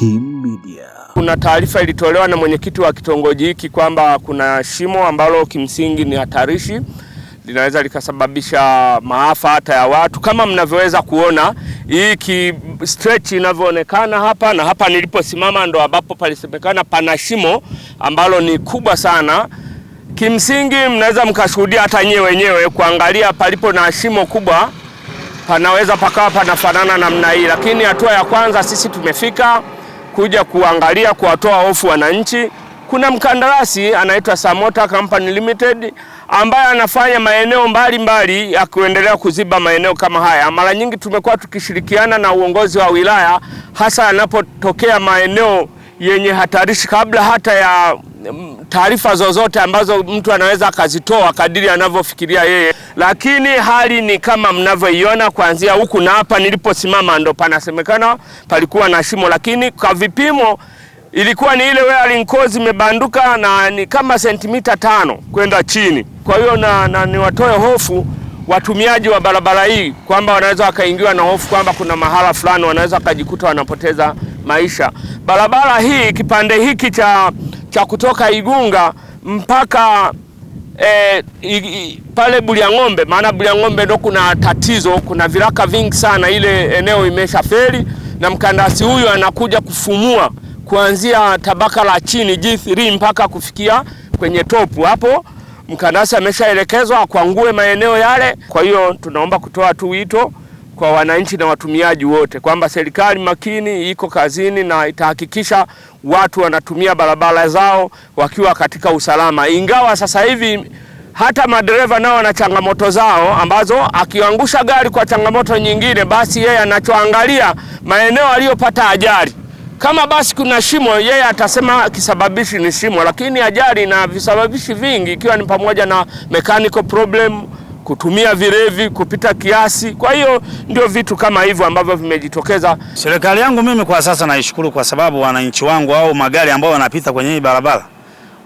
Kim Media. Kuna taarifa ilitolewa na mwenyekiti wa kitongoji hiki kwamba kuna shimo ambalo kimsingi ni hatarishi, linaweza likasababisha maafa hata ya watu. Kama mnavyoweza kuona hii ki stretch inavyoonekana hapa na hapa niliposimama, ndo ambapo palisemekana pana shimo ambalo ni kubwa sana. Kimsingi mnaweza mkashuhudia hata nyewe wenyewe kuangalia, palipo na shimo kubwa panaweza pakawa panafanana namna hii, lakini hatua ya kwanza sisi tumefika kuja kuangalia kuwatoa hofu wananchi. Kuna mkandarasi anaitwa Samota Company Limited ambaye anafanya maeneo mbalimbali ya kuendelea kuziba maeneo kama haya. Mara nyingi tumekuwa tukishirikiana na uongozi wa wilaya, hasa yanapotokea maeneo yenye hatarishi, kabla hata ya Mm, taarifa zozote ambazo mtu anaweza akazitoa kadiri anavyofikiria yeye, lakini hali ni kama mnavyoiona kuanzia huku na hapa niliposimama, ndo panasemekana palikuwa na shimo, lakini kwa vipimo ilikuwa ni ile wearing course imebanduka na ni kama sentimita tano kwenda chini. Kwa hiyo na, na niwatoe hofu watumiaji wa barabara hii kwamba wanaweza wakaingiwa na hofu kwamba kuna mahala fulani wanaweza wakajikuta wanapoteza maisha. Barabara hii kipande hiki cha cha kutoka Igunga mpaka e, i, pale Bulyan'ombe, maana ng'ombe ndo kuna tatizo, kuna viraka vingi sana, ile eneo imesha feri na mkandarasi huyu anakuja kufumua kuanzia tabaka la chini G3 mpaka kufikia kwenye topu hapo mkandarasi ameshaelekezwa akwangue maeneo yale. Kwa hiyo tunaomba kutoa tu wito kwa wananchi na watumiaji wote kwamba serikali makini iko kazini na itahakikisha watu wanatumia barabara zao wakiwa katika usalama, ingawa sasa hivi hata madereva nao wana changamoto zao ambazo akiangusha gari kwa changamoto nyingine, basi yeye anachoangalia maeneo aliyopata ajali. Kama basi kuna shimo, yeye atasema kisababishi ni shimo, lakini ajali na visababishi vingi, ikiwa ni pamoja na mechanical problem kutumia vilevi kupita kiasi. Kwa hiyo ndio vitu kama hivyo ambavyo vimejitokeza. Serikali yangu mimi kwa sasa naishukuru, kwa sababu wananchi wangu au magari ambayo wanapita kwenye hii barabara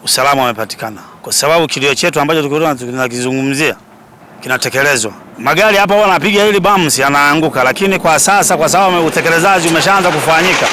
usalama wamepatikana, kwa sababu kilio chetu ambacho tulikuwa tunakizungumzia kinatekelezwa. Magari hapa wanapiga hili bams yanaanguka, lakini kwa sasa, kwa sababu utekelezaji umeshaanza kufanyika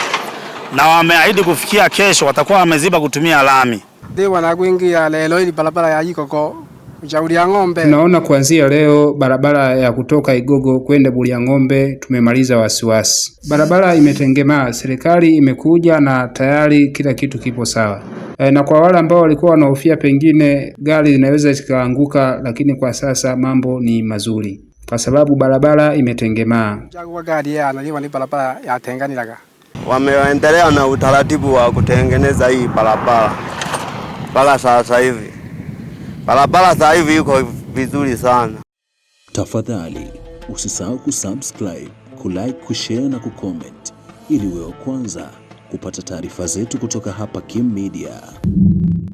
na wameahidi kufikia kesho watakuwa wameziba kutumia lami. Ndio wanagwingia leo hili barabara ya Ikoko Ushauri ya ng'ombe. Tunaona kuanzia leo barabara ya kutoka Igogo kwenda ng'ombe tumemaliza wasiwasi. Barabara imetengemaa, serikali imekuja na tayari kila kitu kipo sawa. E, na kwa wale ambao walikuwa wanahofia pengine gari linaweza zikaanguka, lakini kwa sasa mambo ni mazuri kwa sababu barabara imetengemaa. Wameendelea na utaratibu wa kutengeneza hii barabara mpaka sasa hivi. Barabara sasa hivi yuko vizuri sana. Tafadhali usisahau kusubscribe, kulike, kushare na kucomment ili wewe kwanza kupata taarifa zetu kutoka hapa Kim Media.